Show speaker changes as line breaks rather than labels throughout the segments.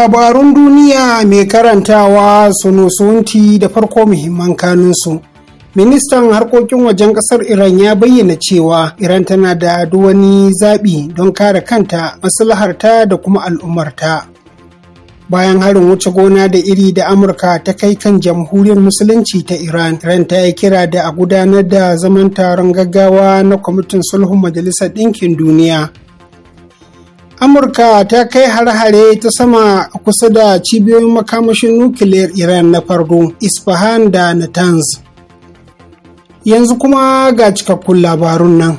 Labarun duniya mai karantawa su sunusunti da farko muhimman kanunsu. Ministan harkokin wajen ƙasar Iran ya bayyana cewa Iran tana da wani zaɓi don kare kanta, maslaharta da kuma al'ummarta. Bayan harin wuce gona da iri da Amurka ta kai kan jamhuriyar Musulunci ta Iran, Iran ta yi kira da a gudanar da zaman taron gaggawa na Kwamitin Sulhun Majalisar Ɗinkin Duniya amurka ta kai har-hare ta sama kusa da cibiyoyin makamashin nukiliyar iran na farko isfahan da natanz yanzu kuma ga cikakkun labarun nan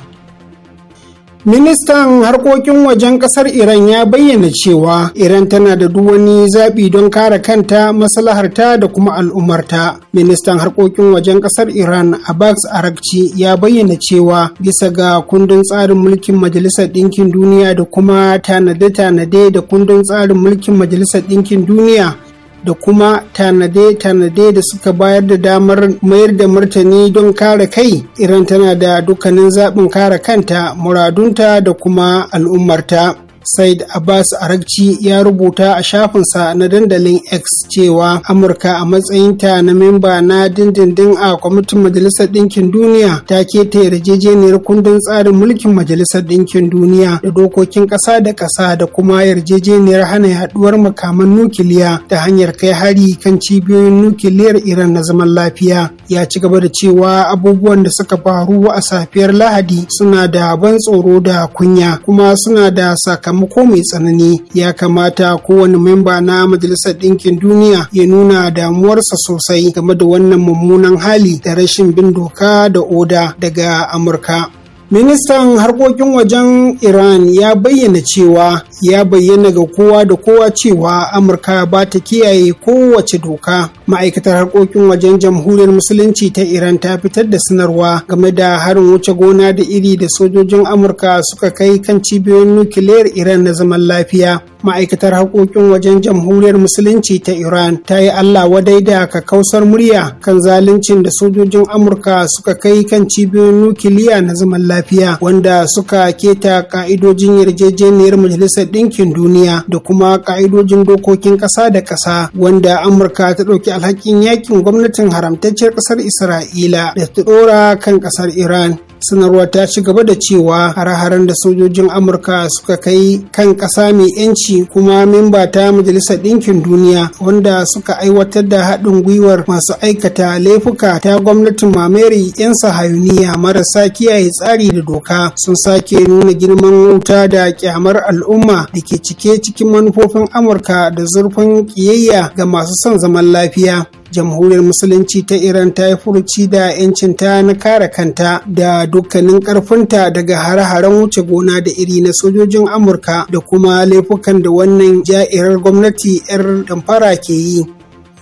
Ministan harkokin wajen kasar Iran ya bayyana cewa Iran tana da duk wani zaɓi don kare kanta maslaharta da kuma al'ummarta. Ministan harkokin wajen kasar Iran Abbas Arakci ya bayyana cewa bisa ga kundin tsarin mulkin Majalisar Ɗinkin Duniya da kuma tanade-tanade da kundin tsarin mulkin Majalisar Ɗinkin Duniya da kuma tanade-tanade da suka bayar da damar mayar da martani don kare kai iran tana da dukkanin zaɓin kare kanta muradunta da kuma al'ummarta Said Abbas aragci ya rubuta a shafinsa na dandalin X cewa Amurka a matsayinta na memba na dindindin a kwamitin Majalisar Ɗinkin Duniya ta keta yarjejeniyar kundin tsarin mulkin Majalisar Ɗinkin Duniya da dokokin ƙasa da ƙasa da kuma yarjejeniyar hana yaduwar makaman nukiliya ta hanyar kai hari kan cibiyoyin nukiliyar Iran na zaman lafiya. Ya ci gaba da cewa abubuwan da suka faru a safiyar Lahadi suna da ban tsoro da kunya kuma suna da sakamako sakamako mai tsanani ya kamata kowane memba na majalisar ɗinkin duniya ya nuna damuwarsa sosai game da wannan mummunan hali da rashin bin doka da oda daga amurka Ministan harkokin wajen Iran ya bayyana cewa ya bayyana ga kowa da kowa cewa Amurka ba ta kiyaye kowace doka. Ma'aikatar harkokin wajen jamhuriyar Musulunci ta Iran ta fitar da sanarwa game da harin wuce gona da iri da sojojin Amurka suka kai kan cibiyoyin nukiliyar Iran na zaman lafiya. Ma'aikatar harkokin wajen jamhuriyar Musulunci ta Iran ta yi Allah wadai da kakausar murya kan zaluncin da sojojin Amurka suka kai kan cibiyoyin nukiliya na zaman lafiya. lafiya wanda suka keta ka'idojin yarjejeniyar majalisar ɗinkin duniya da kuma ka'idojin dokokin ƙasa da ƙasa wanda amurka ta ɗauki alhakin yakin gwamnatin haramtacciyar ƙasar isra'ila da ta ɗora kan ƙasar iran sanarwar ta ci gaba da cewa har-haren da sojojin amurka suka kai kan ƙasa mai yanci kuma memba ta majalisar ɗinkin duniya wanda suka aiwatar da haɗin gwiwar masu aikata laifuka ta gwamnatin mameri 'yan sahayuniya marasa kiyaye tsari da doka sun sake nuna girman wuta da kyamar al'umma da ke cike cikin manufofin amurka da zurfin ƙiyayya ga masu son zaman lafiya jamhuriyar musulunci ta iran ta yi furuci da 'yancinta na kare kanta da dukkanin karfinta daga hare-haren wuce gona da iri na sojojin amurka da kuma laifukan da wannan ja'irar gwamnati 'yar damfara ke yi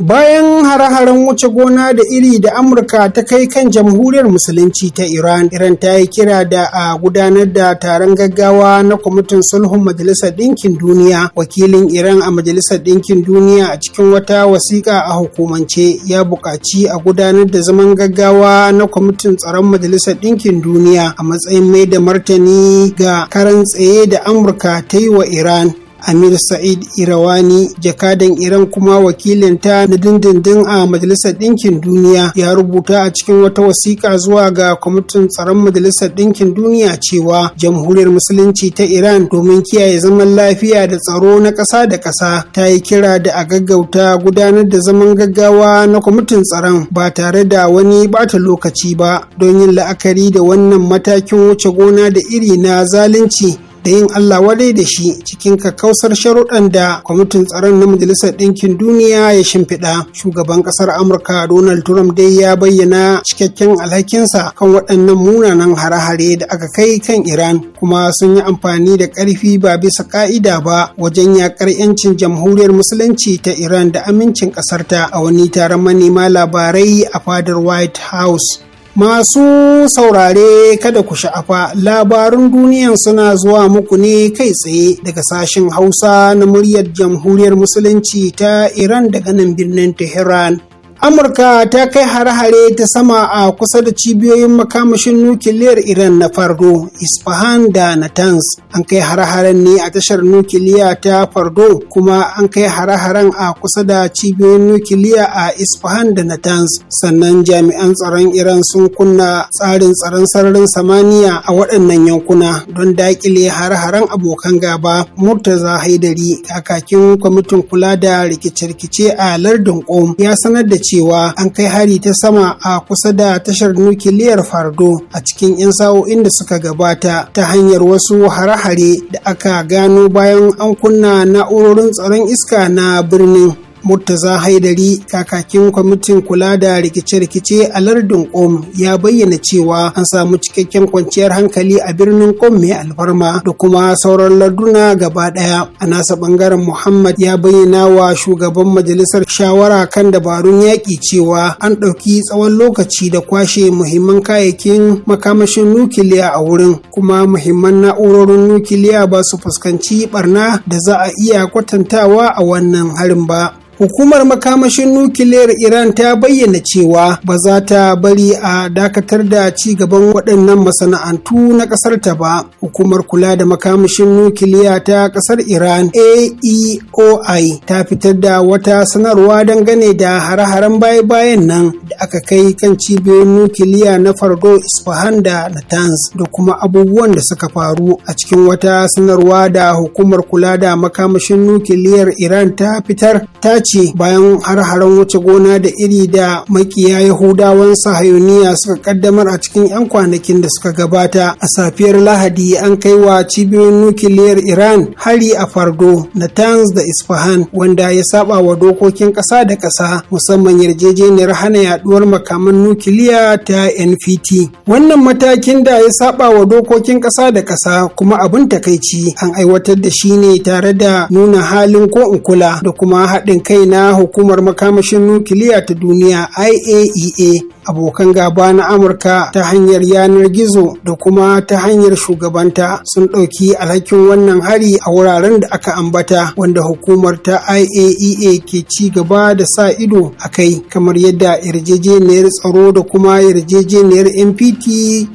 Bayan hare-haren wuce gona da iri da Amurka ta kai kan jamhuriyar Musulunci ta Iran, Iran ta yi kira da a gudanar da taron gaggawa na kwamitin sulhun Majalisar Ɗinkin Duniya. Wakilin Iran a Majalisar Ɗinkin Duniya a cikin wata wasiƙa a hukumance ya buƙaci a gudanar da zaman gaggawa na kwamitin tsaron Majalisar Ɗinkin Duniya a matsayin mai da martani ga karan tsaye da Amurka ta yi wa Iran. Amir Sa'id Irawani jakadan Iran kuma wakilinta na dindindin a Majalisar Ɗinkin Duniya ya rubuta a cikin wata wasiƙa zuwa ga kwamitin tsaron Majalisar Ɗinkin Duniya cewa Jamhuriyar Musulunci ta Iran domin kiyaye zaman lafiya da tsaro na ƙasa da ƙasa ta yi kira da a gaggauta gudanar da zaman gaggawa na kwamitin tsaron ba tare da wani bata lokaci ba don yin la'akari da wannan matakin wuce gona da iri na zalunci da yin Allah wadai da shi cikin kakkausar sharuɗan da kwamitin tsaron na Majalisar Ɗinkin Duniya ya shimfiɗa. Shugaban ƙasar Amurka Donald Trump dai ya bayyana cikakken alhakinsa kan waɗannan munanan hare-hare da aka kai kan Iran kuma sun yi amfani da ƙarfi ba bisa ƙa'ida ba wajen yaƙar 'yancin jamhuriyar musulunci ta Iran da amincin ƙasarta a wani taron manema labarai a fadar White House. Masu saurare kada ku sha'afa labarun duniyan suna zuwa muku ne kai tsaye daga sashen Hausa na muryar Jamhuriyar Musulunci ta Iran daga nan birnin Tehran. amurka ta kai hare-hare ta sama a kusa da cibiyoyin makamashin nukiliyar iran na fardo isfahan da natanz an kai hare-haren ne a tashar nukiliya ta fardo kuma an kai hare-haren a kusa da cibiyoyin nukiliya a isfahan da natanz sannan jami'an tsaron iran sun kunna tsarin tsaron sararin samaniya a waɗannan yankuna don daƙile hare-haren abokan gaba murtaza haidari kakakin kwamitin kula da rikice-rikice a lardin ya sanar da cewa an kai hari ta sama a kusa da tashar nukiliyar fardo a cikin 'yan sa'o'in da suka gabata ta hanyar wasu hare-hare da aka gano bayan an kunna na'urorin tsaron iska na birnin Murtaza Haidari kakakin kwamitin kula da rikice-rikice a lardin Qom ya bayyana cewa an samu cikakken kwanciyar hankali a birnin Qom mai alfarma da kuma sauran larduna gaba daya. A nasa bangaren Muhammad ya bayyana wa shugaban majalisar shawara kan dabarun yaƙi cewa an ɗauki tsawon lokaci da kwashe muhimman kayayyakin makamashin nukiliya a wurin kuma muhimman na'urorin nukiliya ba su fuskanci barna da za a iya kwatantawa a wannan harin ba. hukumar makamashin nukiliyar iran ta bayyana cewa ba za ta bari a dakatar da ci gaban waɗannan masana'antu na ƙasar ta ba hukumar kula da makamashin nukiliya ta ƙasar iran aeoi ta fitar da wata sanarwa dangane da hare-haren baya-bayan nan da aka kai kan cibiyoyin nukiliya na fardo isfahan da natanz da kuma abubuwan da suka faru a cikin wata sanarwa da hukumar kula da makamashin nukiliyar iran ta fitar ta ce bayan har-haren wuce gona da iri da makiya yahudawan sahayuniya suka kaddamar a cikin 'yan kwanakin da suka gabata a safiyar lahadi an kai wa cibiyoyin nukiliyar iran hari a fardo na natanz da isfahan wanda ya saba wa dokokin ƙasa da ƙasa musamman yarjejeniyar hana yaduwar makaman nukiliya ta nft wannan matakin da ya saba wa dokokin ƙasa da ƙasa kuma abin takaici an aiwatar da shi ne tare da nuna halin ko in kula da kuma haɗin kai bai na hukumar makamashin nukiliya ta duniya iaea e abokan gaba na amurka ta hanyar yanar gizo da kuma ta hanyar shugabanta sun ɗauki alhakin wannan hari a wuraren da aka ambata wanda hukumar ta iaea e ke ci gaba da sa ido a kai kamar yadda yarjejeniyar tsaro da kuma yarjejeniyar npt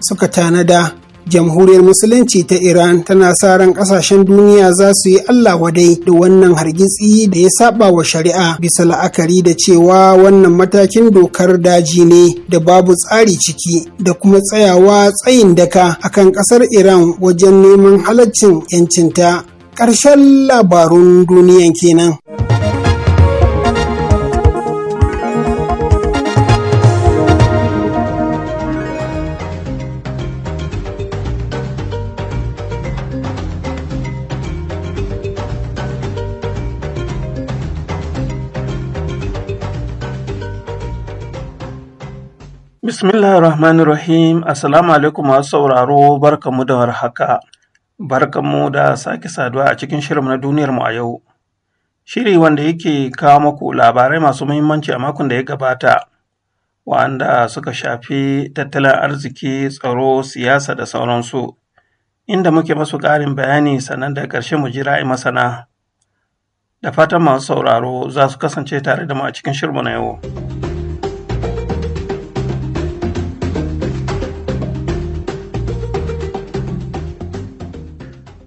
suka tanada jamhuriyar musulunci ta iran tana sa ran kasashen duniya za su yi allah wadai da wannan hargitsi da ya saba wa shari'a bisa la'akari da cewa wannan matakin dokar daji ne da babu tsari ciki da kuma tsayawa tsayin daka akan kasar iran wajen neman halaccin 'yancinta ƙarshen labarun duniyan kenan.
Bismillah ar-Rahman rahim Assalamu alaikum masu sauraro barkamu da warhaka. Barkamu da sake saduwa a cikin shirin na duniyarmu a yau. Shiri wanda yake kawo muku labarai masu muhimmanci a makon da ya gabata, wa'anda suka shafi tattalin arziki, tsaro, siyasa da sauransu, inda muke masu ƙarin bayani sannan da ƙarshe mu jira masana. Da fatan masu sauraro za su kasance tare da mu a cikin shirinmu na yau.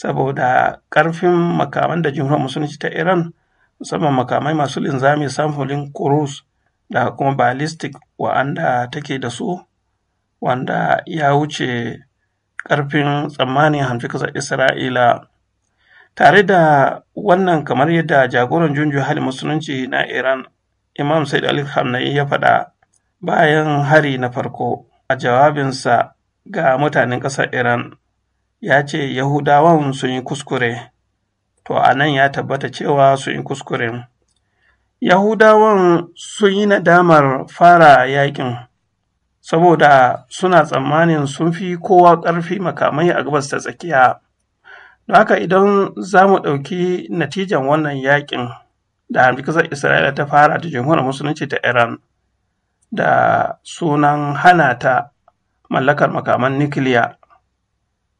saboda ƙarfin makaman da jimhuriyar musulunci ta iran musamman makamai masu linzami samfulin kurus da kuma ballistic wa'anda take da su wanda ya wuce ƙarfin tsammanin hamshi ƙasar isra'ila tare da wannan kamar yadda jagoran junju hali musulunci na iran imam said ali hamnai ya faɗa bayan hari na farko a jawabinsa ga mutanen ƙasar iran ya ce Yahudawan sun yi kuskure, to a nan ya tabbata cewa sun yi kuskure. Yahudawan sun yi nadamar fara yakin, saboda suna tsammanin sun fi kowa ƙarfi makamai a gabas ta tsakiya. Don haka idan za mu ɗauki natijan wannan yakin da hamdukasar Isra'ila ta fara da jamhuriyar musulunci ta Iran da sunan hana ta mallakar makaman nukiliya.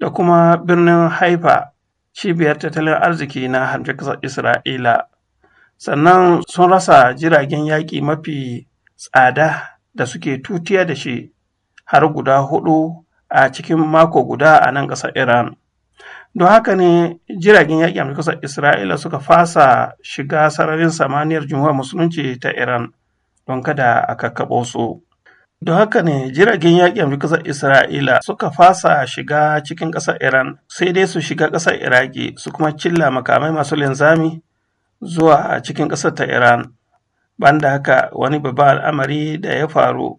da kuma birnin Haifa cibiyar tattalin arziki na hamshe ƙasar Isra'ila. Sannan sun rasa jiragen yaƙi mafi tsada da suke tutiya da shi har guda hudu a cikin mako guda a nan ƙasar Iran. Don haka ne jiragen yaƙi a ƙasar Isra'ila suka fasa shiga sararin samaniyar jumhuriyar musulunci ta Iran don kada a kakkaɓo su. Don haka ne jiragen yaƙin ƙasar Isra'ila suka fasa shiga cikin ƙasar Iran sai dai su shiga ƙasar Iraki su kuma cilla makamai masu linzami zuwa cikin ƙasar ta Iran. Banda haka wani babban al'amari da ya faru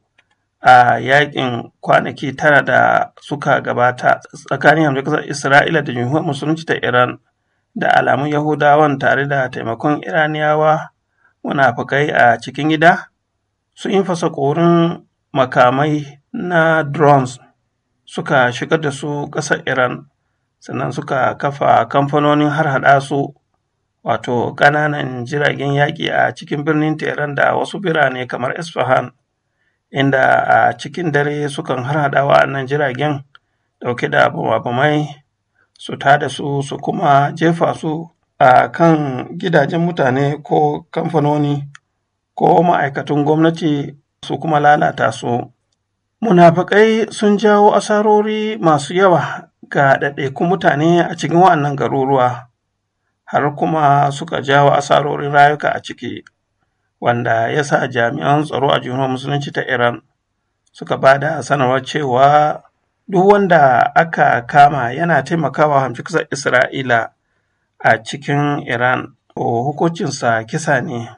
a yaƙin kwanaki tara da suka gabata tsakanin hamdu ƙasar Isra'ila da jami'ar musulunci ta Iran da alamun Yahudawan tare da taimakon Iraniyawa munafukai a cikin gida su in fasa ƙorin makamai na drones suka shigar da su ƙasar Iran sannan suka kafa kamfanonin harhaɗa su wato ƙananan jiragen yaƙi a cikin birnin Tehran da wasu birane kamar Isfahan inda a cikin dare sukan har harhaɗa wa'annan jiragen ɗauke da bamai su tada su su kuma jefa su a kan gidajen mutane ko kamfanoni ko ma'aikatan gwamnati su kuma lalata su. Munafakai sun jawo asarori masu yawa ga ɗaiɗaikun mutane a cikin wannan garuruwa, har kuma suka jawo asarorin rayuka a ciki, wanda ya sa jami'an tsaro a juna musulunci ta Iran suka ba da sanarwar cewa duk wanda aka kama yana taimakawa hamshi Isra'ila a cikin Iran, hukuncinsa kisa ne.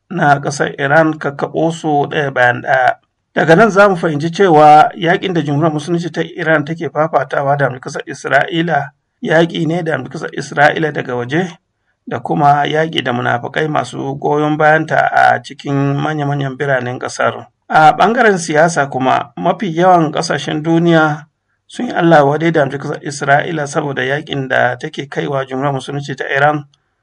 na ƙasar Iran kakaɓo su ɗaya bayan ɗaya. Daga nan za mu fahimci cewa yaƙin da jumhuriyar musulunci ta Iran take fafatawa da ƙasar Isra'ila yaƙi ne da ƙasar Isra'ila daga waje da kuma yaƙi da munafukai masu goyon bayanta a cikin manya-manyan biranen ƙasar. A ɓangaren siyasa kuma mafi yawan ƙasashen duniya sun yi Allah wadai da kasar Isra'ila saboda yaƙin da take kaiwa jumhuriyar musulunci ta Iran.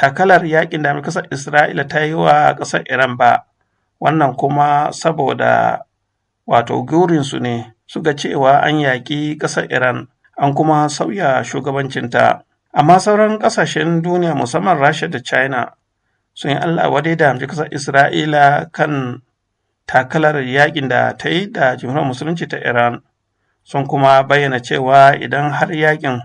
takalar yakin da kasar isra'ila ta yi wa kasar iran ba wannan kuma saboda wato gurinsu ne suka cewa an yaƙi kasar iran an kuma sauya shugabancinta amma sauran ƙasashen duniya musamman rasha da china sun yi allah wadai da hamshi kasar isra'ila kan takalar yakin da ta yi da jimhuriyar musulunci ta iran sun kuma bayyana cewa idan har yakin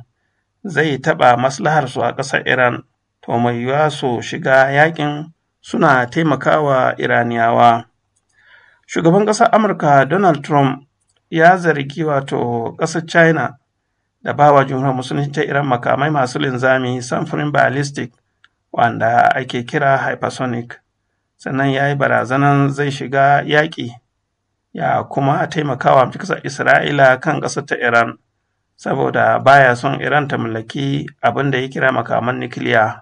zai taɓa maslaharsu a ƙasar iran to mai yiwuwa su shiga yakin suna taimakawa iraniyawa shugaban ƙasar amurka donald trump ya zargi wato ƙasar china da bawa jumhuriyar musulunci ta iran makamai masu linzami samfurin ballistic wanda ake kira hypersonic sannan ya yi barazanan zai shiga yaƙi ya kuma taimakawa ƙasar isra'ila kan ƙasar ta iran saboda baya son iran ta mallaki abin da ya kira makaman nukiliya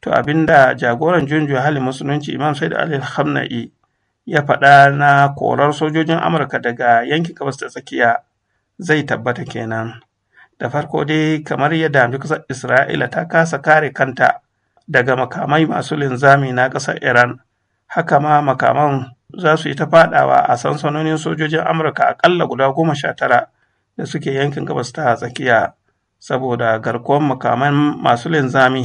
to abinda jagoran junju halin musulunci imam said ali hamna'i ya faɗa na korar sojojin amurka daga yankin gabas da tsakiya zai tabbata kenan da farko dai kamar yadda kasar isra'ila ta kasa kare kanta daga makamai masu linzami na ƙasar iran haka ma makaman za su yi ta faɗawa a sansanonin sojojin amurka aƙalla guda goma sha tara da suke yankin gabas ta tsakiya saboda garkuwar makaman masu linzami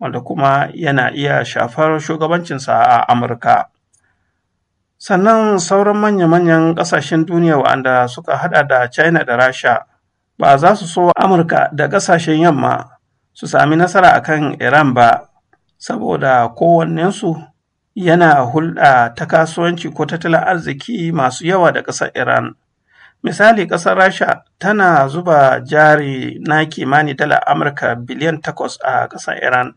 wanda kuma yana iya shafar shugabancinsa a Amurka. Sannan sauran manya-manyan ƙasashen duniya wa'anda suka haɗa da China da Rasha ba za su so Amurka da ƙasashen yamma su sami nasara a kan Iran ba, saboda kowannensu yana hulɗa ta kasuwanci ko tattalin arziki masu yawa da ƙasar Iran. Misali ƙasar Rasha tana zuba jari na kimani dala Amurka biliyan takwas a ƙasar Iran.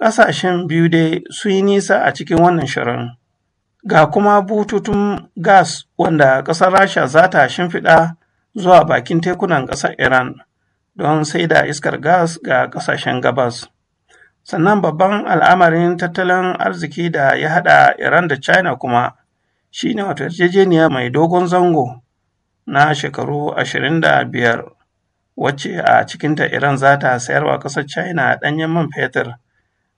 Ƙasashen biyu dai sun yi nisa a cikin wannan shirin. Ga kuma bututun gas wanda ƙasar Rasha za ta shimfiɗa zuwa bakin tekunan ƙasar Iran don sai da iskar gas ga ƙasashen gabas. Sannan babban al'amarin tattalin arziki da ya haɗa Iran da China kuma shi ne wato yarjejeniya mai dogon zango na shekaru 25 wacce a cikinta Iran za ta sayarwa ƙasar China ɗanyen man fetur.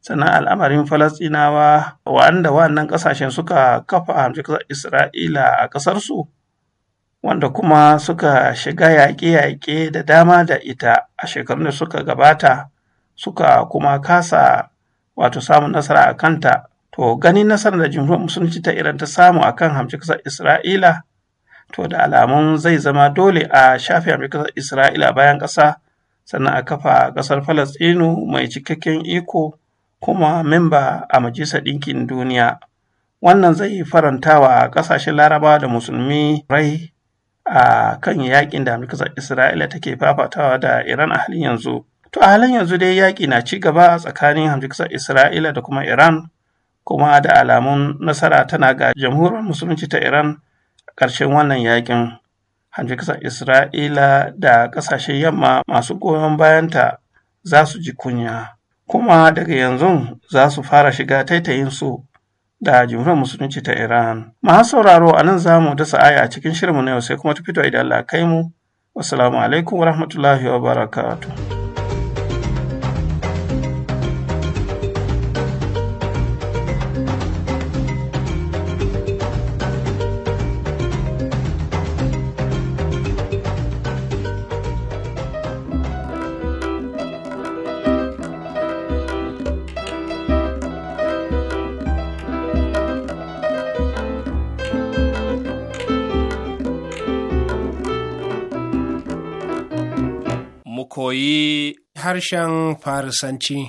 sannan al'amarin falastinawa wa'anda wannan ƙasashen suka kafa hamshi ƙasar isra'ila a ƙasarsu wanda kuma suka shiga yaƙe-yaƙe da dama da ita a shekarun da suka gabata suka kuma kasa wato samun nasara a kanta to ganin nasarar da jumhuriyar musulunci ta iran ta samu a kan hamshi ƙasar isra'ila to da alamun zai zama dole a shafe hamshi ƙasar isra'ila bayan ƙasa sannan a kafa ƙasar falastinu mai cikakken iko kuma memba a Majalisar Ɗinkin Duniya. Wannan zai farantawa ƙasashen Larabawa da Musulmi rai a kan yaƙin da Amurka Isra'ila take fafatawa da Iran a halin yanzu. To a halin yanzu dai yaƙi na ci gaba a tsakanin Amurka Isra'ila da kuma Iran kuma da alamun nasara tana ga jamhuriyar musulunci ta Iran a ƙarshen wannan yaƙin. Amurka Isra'ila da ƙasashen yamma masu goyon bayanta za su ji kunya. kuma daga yanzu za su fara shiga taitayinsu da jumhuriyar musulunci ta Iran. Masu sauraro a nan za mu dasa aya a cikin shirinmu na yau sai kuma ta fito idan Allah kai mu. Wassalamu alaikum warahmatullahi wabarakatuh.
harshen Farisanci.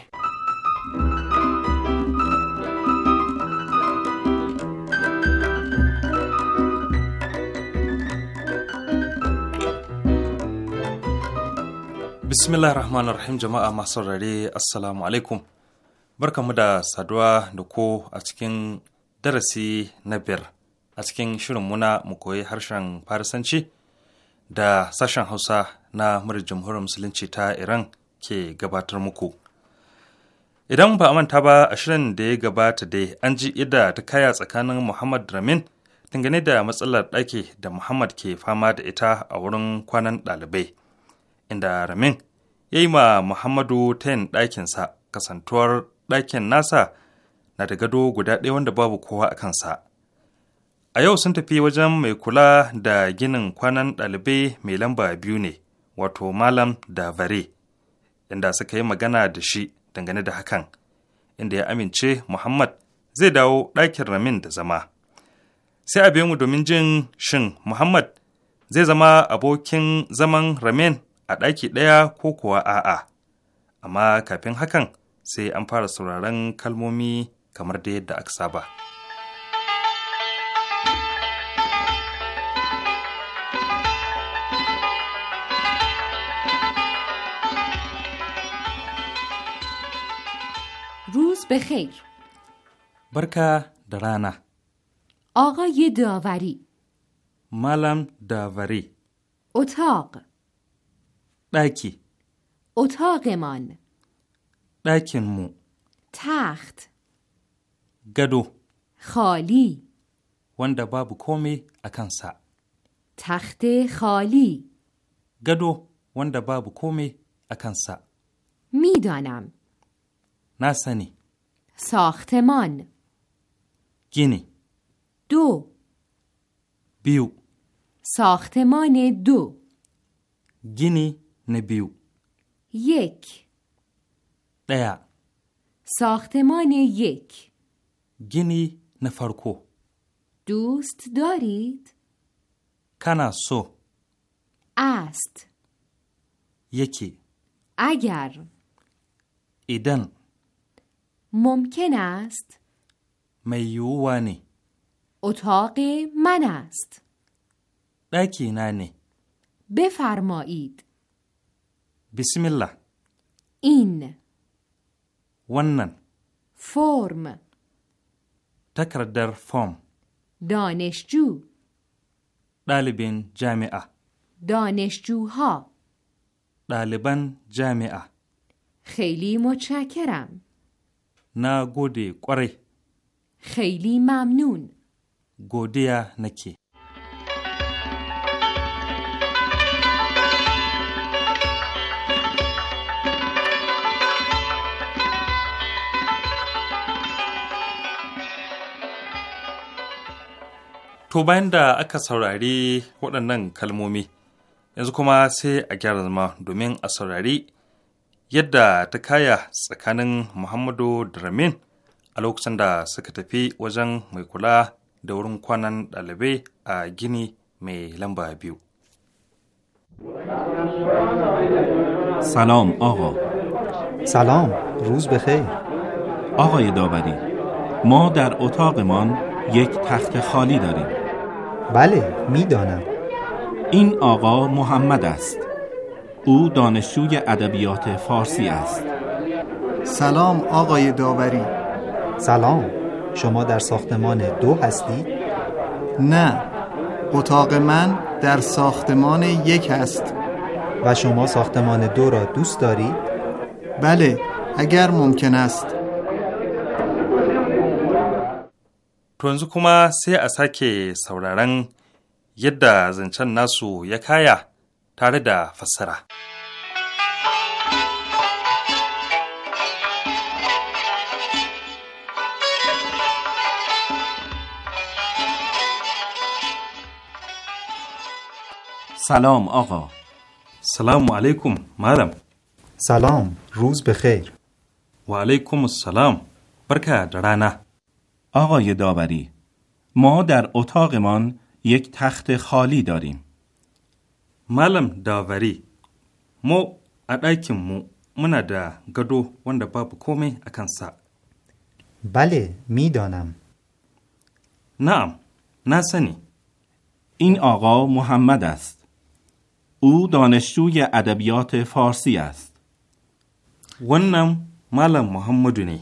Bismillah rahman rahim jama'a masu rare assalamu alaikum. barkamu da saduwa da ko a cikin darasi na biyar a cikin shirin muna mu koyi harshen Farisanci da sashen Hausa na murar jamhuriyar Musulunci ta Iran ke gabatar muku. Idan ba a manta ba a shirin da ya gabata dai an ji ida ta kaya tsakanin Muhammad Ramin dangane da matsalar ɗaki da Muhammad ke fama da ita a wurin kwanan ɗalibai. Inda Ramin ya yi ma Muhammadu tayin ɗakinsa kasantuwar ɗakin nasa na da gado guda ɗaya wanda babu kowa a kansa. A yau sun tafi wajen mai kula da ginin kwanan ɗalibai mai lamba biyu ne, wato Malam da Vare. inda suka yi magana da shi dangane da hakan inda ya amince muhammad zai dawo ɗakin ramin da zama sai a biyo mu domin jin shin muhammad zai zama abokin zaman ramin a ɗaki ɗaya ko kuwa a'a amma kafin hakan sai an fara sauraron kalmomi kamar da yadda aka saba. بخیر برکه درانه
آقای داوری
ملم داوری
اتاق داکی اتاقمان
داکن مو
تخت گدو خالی
wanda babu komai a kansa.
Takhte khali.
Gado wanda babu komai a kansa. Na sani.
ساختمان گینی دو بیو ساختمان دو
گینی نبیو یک دیا
ساختمان یک
گینی نفرکو
دوست دارید؟ سو است یکی اگر ایدن ممکن است
میوانی
اتاق من است
دکی
بفرمایید
بسم الله این ونن
فرم
تکر در فرم
دانشجو
دالبین جامعه
دانشجوها
دالبان جامعه
خیلی متشکرم
na gode kwarai.
Khaili mamnun.
godiya nake. To bayan da aka saurari waɗannan kalmomi, yanzu kuma sai a gyara zama domin a saurari yadda ta kaya tsakanin Muhammadu Dramin a lokacin da suka tafi wajen mai kula da wurin kwanan ɗalibai a gini mai lamba biyu.
سلام آقا سلام روز بخیر آقای داوری ما در اتاقمان یک تخت خالی داریم بله میدانم این آقا محمد است او دانشجوی ادبیات فارسی است. سلام آقای داوری. سلام. شما در ساختمان دو هستید؟ نه. اتاق من در ساختمان یک هست. و شما ساختمان دو را دوست دارید؟ بله، اگر ممکن است.
پرونزو کما kuma sai a sake یده yadda zancen nasu ya tare da fassara.
سلام آقا سلام علیکم مالم سلام روز بخیر
و علیکم السلام برکه درانه آقای داوری ما در اتاقمان یک تخت خالی داریم malam داوری mu a ɗakinmu muna da gado wanda babu komai a kansa.
Bale, mi donam. Na'am, na sani. این آقا محمد است. او دانشجوی ادبیات فارسی است. wannan
Malam Muhammadu ne,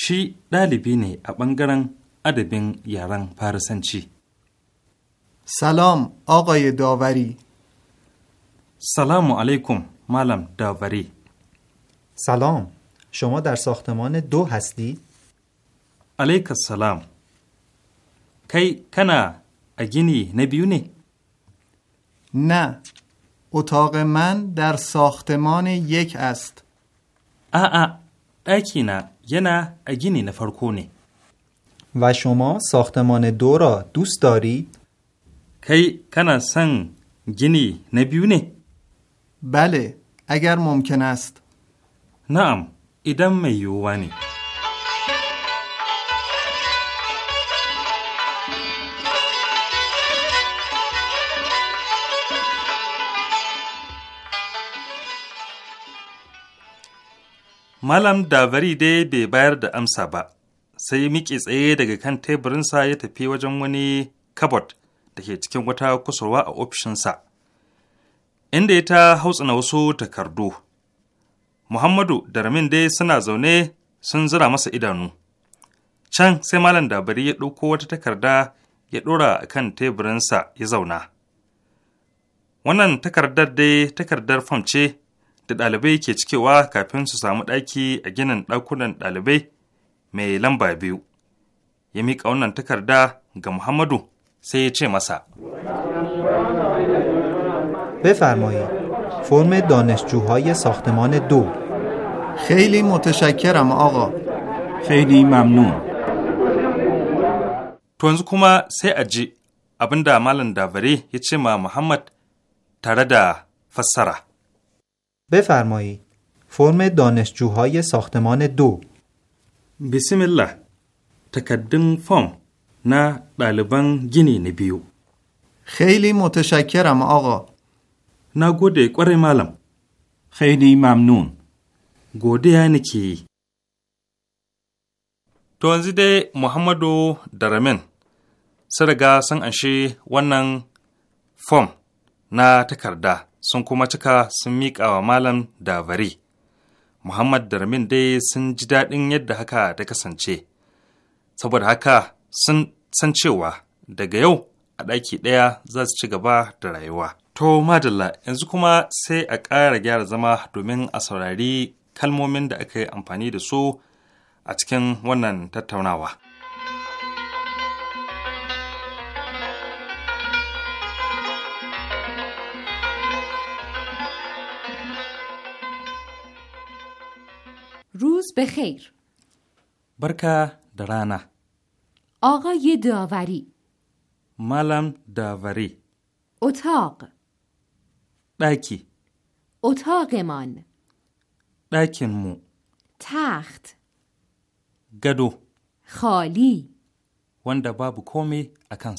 shi ɗalibi ne a ɓangaren adabin yaren Farisanci. سلام آقای داوری سلام علیکم معلم داوری
سلام شما در ساختمان دو هستی؟
علیک السلام
کی کنا اگینی نبیونی؟ نه اتاق من در ساختمان یک است
آ، اکی نه یه نه اگینی نفرکونی
و شما ساختمان دو را دوست دارید؟ کی
کنا سن گینی نه بیونه بله اگر Na'am, idan mai ایدم ne. Malam Davari dai bai bayar da amsa ba, sai miƙe tsaye daga kan teburinsa ya tafi wajen wani kabot da ke cikin wata kusurwa a ofishinsa, inda ya ta na wasu takardu. Muhammadu da Ramin dai suna zaune sun zira masa idanu. Can sai Malam Dabari ya ɗauko wata takarda ya ɗora a kan teburinsa ya zauna. Wannan takardar dai takardar fam ce da ɗalibai ke cikewa kafin su samu ɗaki a ginin ɗakunan ɗalibai mai lamba biyu. Ya miƙa wannan takarda ga Muhammadu سه چه مسا
بفرمایید فرم دانشجوهای ساختمان دو خیلی متشکرم آقا خیلی ممنون
تونز کما سه اجی ابن دا مالن داوری یچه ما محمد تردا فسره
بفرمایی فرم دانشجوهای ساختمان دو بسم الله تکدن فرم
na ɗaliban gini na biyu. خیلی متشکرم آقا. Na gode kwarai malam. خیلی ممنون. Godiya nake yi. To yanzu dai Muhammadu da Ramin sun sun anshi wannan fom na takarda sun kuma cika sun miƙa wa malam da bari. Muhammad da Ramin dai sun ji daɗin yadda haka ta kasance. Saboda haka sun san cewa daga yau a ɗaki ɗaya za su ci gaba da rayuwa. To madalla yanzu kuma sai a ƙara gyara zama domin a saurari kalmomin da aka yi amfani da su a cikin wannan tattaunawa. Bekhair Barka da rana.
آقای داوری
ملم داوری
اتاق اتاق اتاقمان
دایکن مو
تخت گدو خالی
وند بابو کومه اکن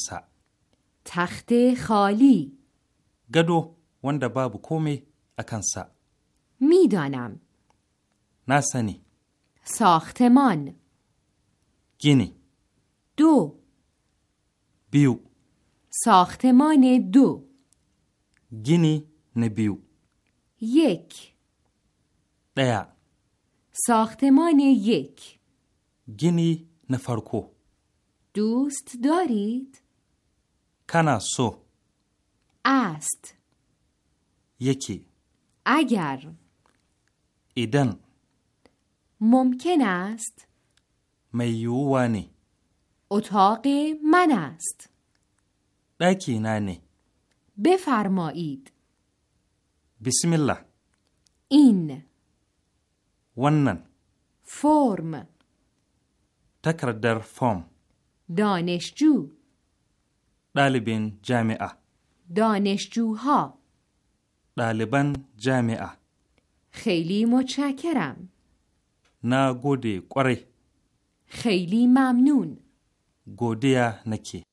تخت خالی
گدو وند بابو کومه اکان
میدانم ناسنی ساختمان گینی دو بیو ساختمان دو
گینی نبیو یک دیا
ساختمان یک
گینی نفرکو
دوست دارید؟
کنا سو
است یکی اگر ایدن ممکن است
میوانی
اتاق من است
بکی ننه
بفرمایید
بسم الله این ونن
فرم
در فرم
دانشجو
دالبین جامعه
دانشجوها
دالبان جامعه
خیلی متشکرم
نه گودی
خیلی ممنون
godiya nake.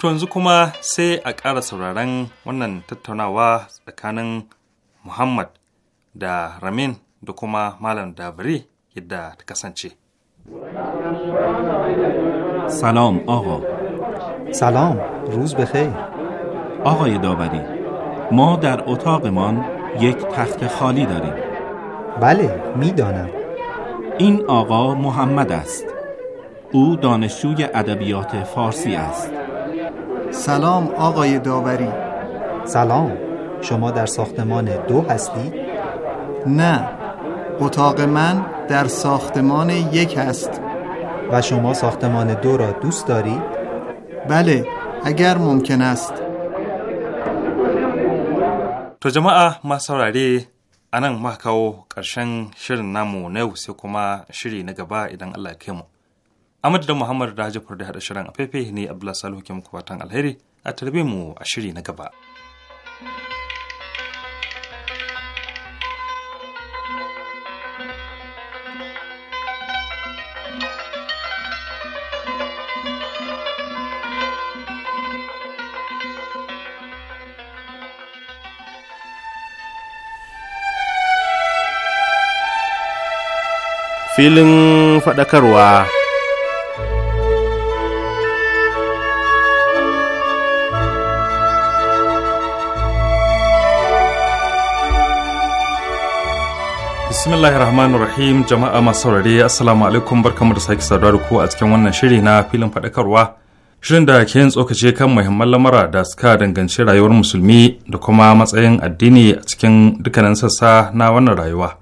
To yanzu kuma sai a ƙara sauraron wannan tattaunawa tsakanin Muhammad da Ramin da kuma Malam Dabiri yadda ta kasance.
Salam, آقا Salam, Ruz بخیر آقای داوری ما در اتاقمان یک تخت خالی داریم بله میدانم این آقا محمد است او دانشجوی ادبیات فارسی است سلام آقای داوری سلام شما در ساختمان دو هستید؟ نه اتاق من در ساختمان یک است و شما ساختمان دو را دوست دارید؟ بله اگر ممکن است
To jama'a masu saurare a nan ma kawo ƙarshen shirin namu na yau sai kuma shiri na gaba idan Allah ya kai mu. Amadu da Muhammad da da haɗa shirin a ne Abdullahi Salihu ke muku fatan alheri a tarbe mu a shiri na gaba. filin faɗakarwa. Bismillahirrahmanirrahim jama'a masu saurare assalamu alaikum barkamu da sake saduwa da ku a cikin wannan shiri na filin faɗakarwa shirin da ke yin tsokace kan muhimman lamura da suka danganci rayuwar musulmi da kuma matsayin addini a cikin dukkanin sassa na wannan rayuwa.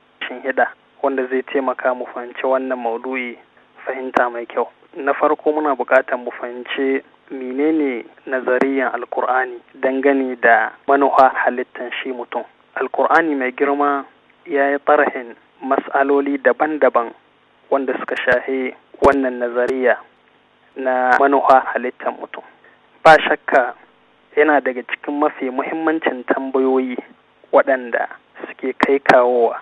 hida wanda zai taimaka mu fahimci wannan maudu'i fahimta mai kyau. Na farko muna buƙatar mu fahimci menene nazariyan alkur'ani dangane da manuha halittan shi mutum. Alkur'ani mai girma ya yi tarihin mas'aloli daban-daban wanda suka shahe wannan nazariya na manuha halittan mutum. Ba shakka yana daga cikin mafi muhimmancin tambayoyi waɗanda suke kai kawowa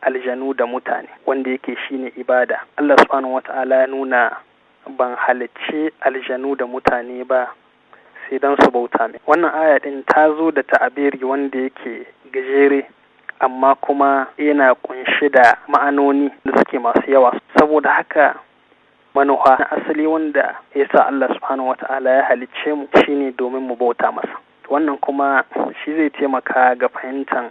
aljanu da mutane wanda yake shine ibada Allah subhanahu wata'ala ya nuna ban halicci aljanu da mutane ba sai don su bauta min wannan aya din ta zo da ta'abiri wanda yake gajere amma kuma yana kunshi da ma'anoni da suke masu yawa saboda haka manufa na asali wanda ya sa Allah subhanahu wata'ala ya halicce mu shine domin mu bauta masa wannan kuma shi zai taimaka ga fahimtar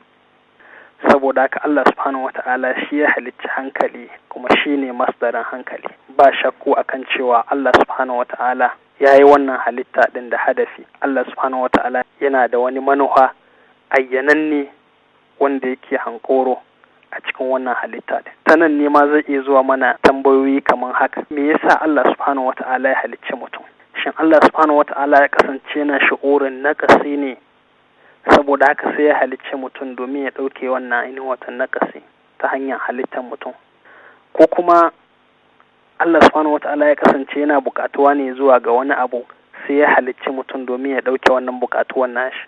saboda haka Allah subhanahu wata'ala shi ya halicci hankali kuma shi ne masdarin hankali ba shakku kan cewa Allah subhanahu wata'ala ya yi wannan halitta ɗin da hadafi Allah subhanahu wata'ala yana da wani manuha ne wanda yake hankoro a cikin wannan halitta ɗin ta nan ne ma zai iya zuwa mana tambayoyi kamar haka me yasa Allah subhanahu wata'ala ya halicci mutum shin Allah subhanahu wata'ala ya kasance yana shi'urin nakasi ne saboda haka sai ya halicci mutum domin ya ɗauke wannan ainihin watan nakasi ta hanyar halittar mutum ko kuma Allah subhanahu wata'ala ya kasance yana bukatuwa ne zuwa ga wani abu sai ya halicci mutum domin ya ɗauke wannan bukatuwan nashi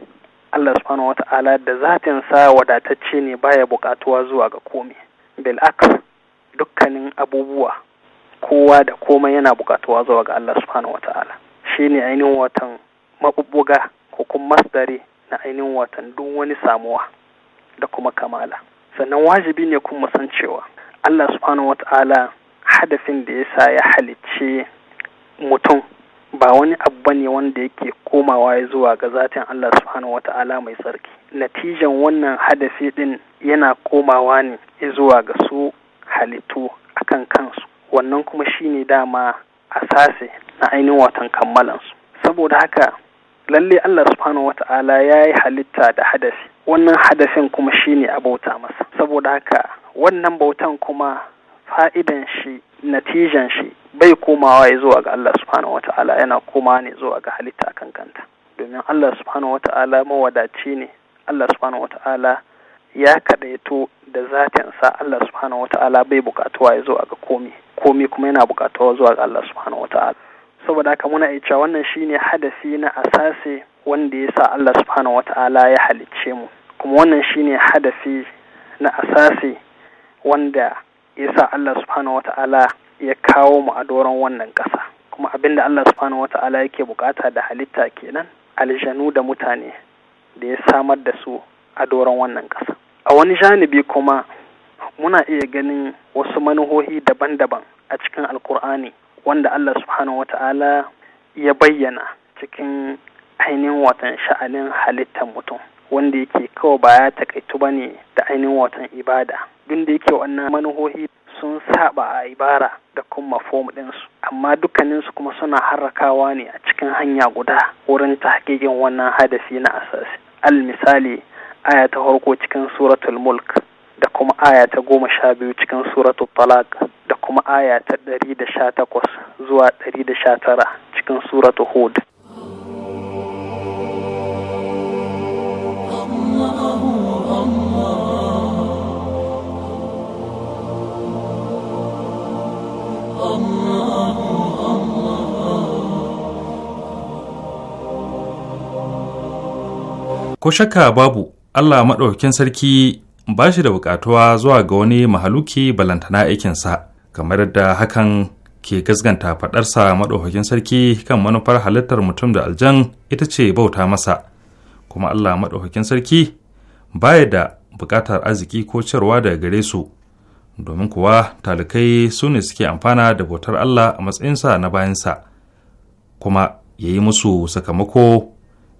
Allah subhanahu wa ta'ala da zatin sa wadatacce ne baya bukatuwa zuwa ga komai bil dukkanin abubuwa kowa da komai yana bukatuwa zuwa ga Allah subhanahu wa ta'ala shine ainihin watan mabubbuga ko kuma masdari na ainihin watan duk wani samuwa da kuma kamala sannan wajibi ne kuma san cewa Allah subhanahu wa ta'ala hadafin da ya sa ya halicce mutum ba wani abu ne wanda yake komawa zuwa ga zatin Allah subhanahu wata'ala mai tsarki natijan wannan hadasi din yana komawa ne zuwa ga su halittu akan kansu wannan kuma shine dama a sase na ainihin watan kammalansu saboda haka lalle Allah subhanahu wata'ala ya yi halitta da hadasi wannan hadasin kuma shine a bauta masa saboda haka wannan bautan kuma fa'idan shi natijan shi bai komawa ya zuwa ga Allah subhanahu wata'ala yana komawa ne zuwa ga halitta a kanta domin Allah subhanahu wata'ala mawadaci ne Allah subhanahu wata'ala ya kadaito da zatinsa Allah subhanahu wata'ala bai bukatuwa ya zuwa ga komi komi kuma yana bukatuwa zuwa ga Allah subhanahu wata'ala saboda haka muna iya wannan shine hadasi na asase wanda ya sa Allah subhanahu wata'ala ya halicce mu kuma wannan shine hadasi na asase wanda ya sa Allah subhanahu wata'ala ya kawo mu a doron wannan ƙasa kuma abin da Allah subhanahu ta'ala yake bukata da halitta kenan aljanu da mutane da ya samar da su a doron wannan ƙasa a wani janibi kuma muna iya ganin wasu manuhohi daban-daban a cikin alkur'ani wanda Allah subhanahu ta'ala ya bayyana cikin ainihin watan sha'anin halittar mutum wanda yake kawai baya takaitu ba ne da ainihin watan ibada duk da yake wannan manuhohi sun saba a ibara da kuma fom ɗinsu amma dukkaninsu kuma suna harrakawa ne a cikin hanya guda wurin tahqiqin wannan hadasi na asasi al misali aya ta farko cikin suratul mulk da kuma aya ta goma sha biyu cikin suratul talaq da kuma aya ta ɗari da sha takwas zuwa ɗari da sha tara cikin suratul hud
ko shakka babu Allah maɗaukakin sarki ba shi da buƙatuwa zuwa ga wani mahaluki balantana aikinsa kamar da hakan ke gasganta faɗarsa maɗaukakin sarki kan manufar halittar mutum da aljan ita ce bauta masa kuma Allah maɗaukakin sarki baya da buƙatar arziki ko cirwa daga gare su domin kuwa talikai su ne suke amfana da bautar Allah a matsayinsa na bayansa kuma ya yi musu sakamako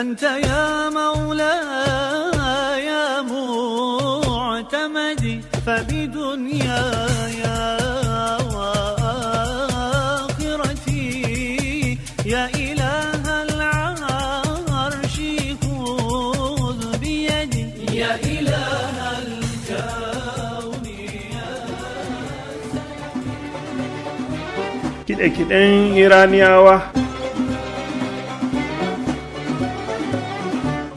أنت يا مولاي يا معتمدي فبدنياي وآخرتي يا إله العرش خذ بيدي يا
إله الكون
كده إيرانيا واحد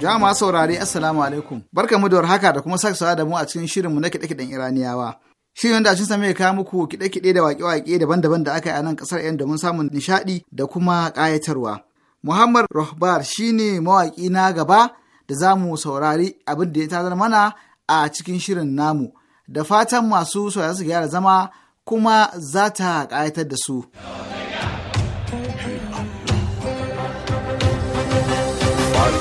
Jama'a saurare Assalamu alaikum. Barka mu da warhaka da kuma sake da mu a cikin shirinmu na kiɗe-kiɗen Iraniyawa. Shirin wanda a cikin mai kawo muku kiɗe-kiɗe da waƙe-waƙe daban-daban da aka yi a nan ƙasar yan domin samun nishaɗi da kuma ƙayatarwa. Muhammad Rohbar shine mawaƙi na gaba da za mu saurari abin da ya tazar mana a cikin shirin namu. Da fatan masu saurari su gyara zama kuma za ta ƙayatar da su.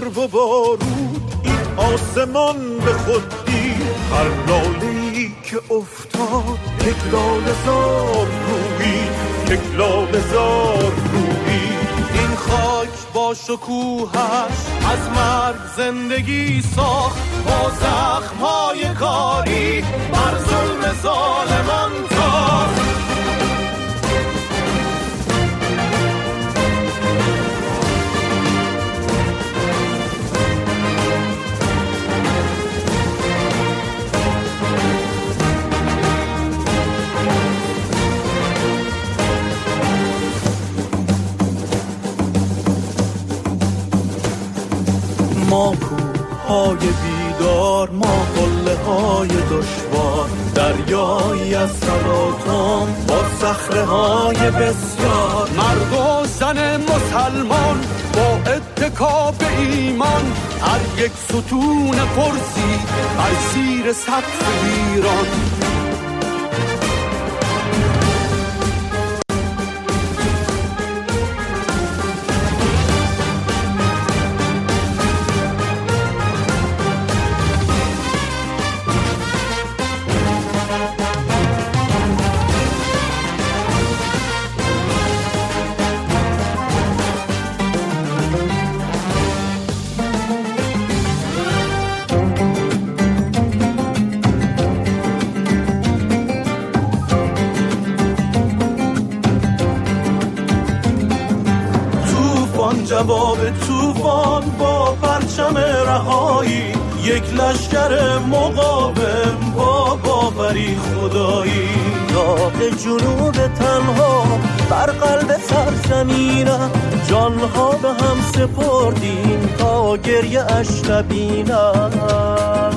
برق و بارود این آسمان به خود هر لاله که افتاد یک لاله زار روی یک لاله زار روی این خاک با شکوهش از مرگ زندگی ساخت با زخمهای کاری بر
ظلم ظالمان
ما های بیدار ما قله های دشوار دریایی از سراتان با سخره های بسیار مرد و زن مسلمان با اتکاب ایمان هر یک ستون پرسی از زیر سطح ایران جواب توفان با پرچم رهایی یک لشکر مقاوم با باوری خدایی داغ جنوب تنها بر قلب سرزمینم جانها به هم سپردیم تا گریه اش نبینم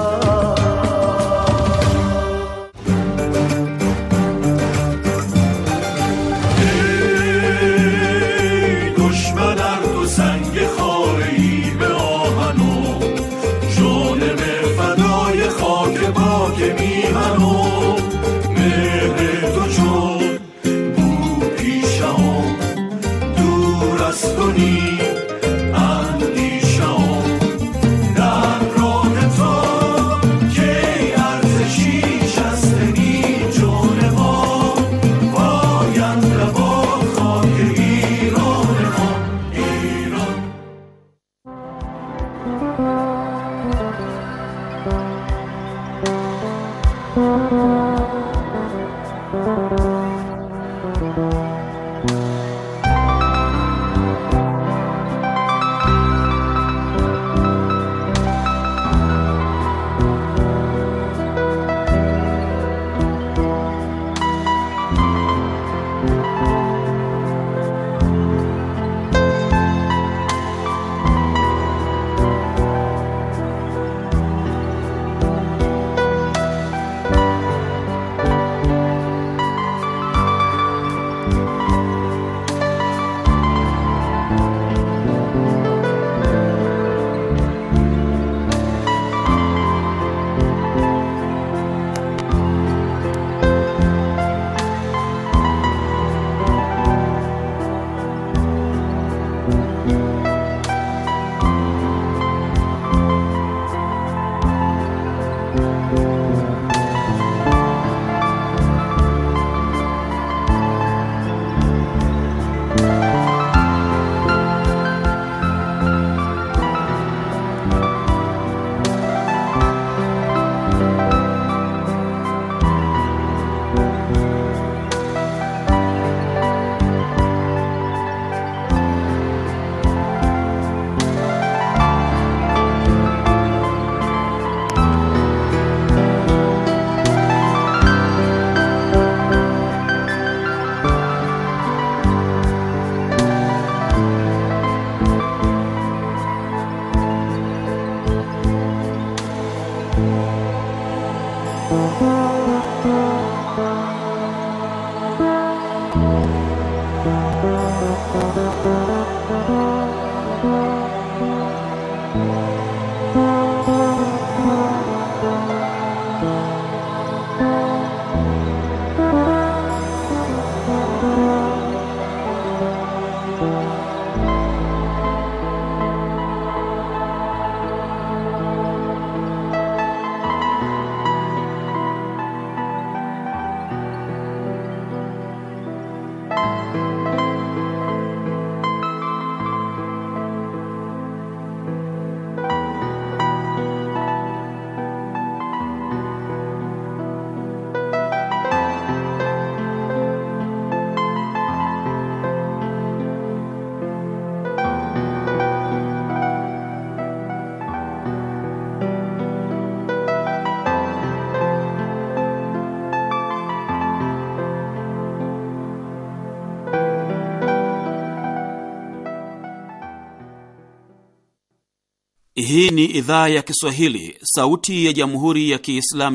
Hii
ni idhaa ya Kiswahili, sauti ya jamhuri ya kiislamu